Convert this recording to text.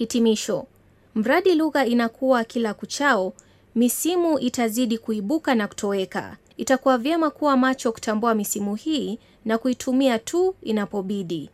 Hitimisho: mradi lugha inakuwa kila kuchao, misimu itazidi kuibuka na kutoweka. Itakuwa vyema kuwa macho kutambua misimu hii na kuitumia tu inapobidi.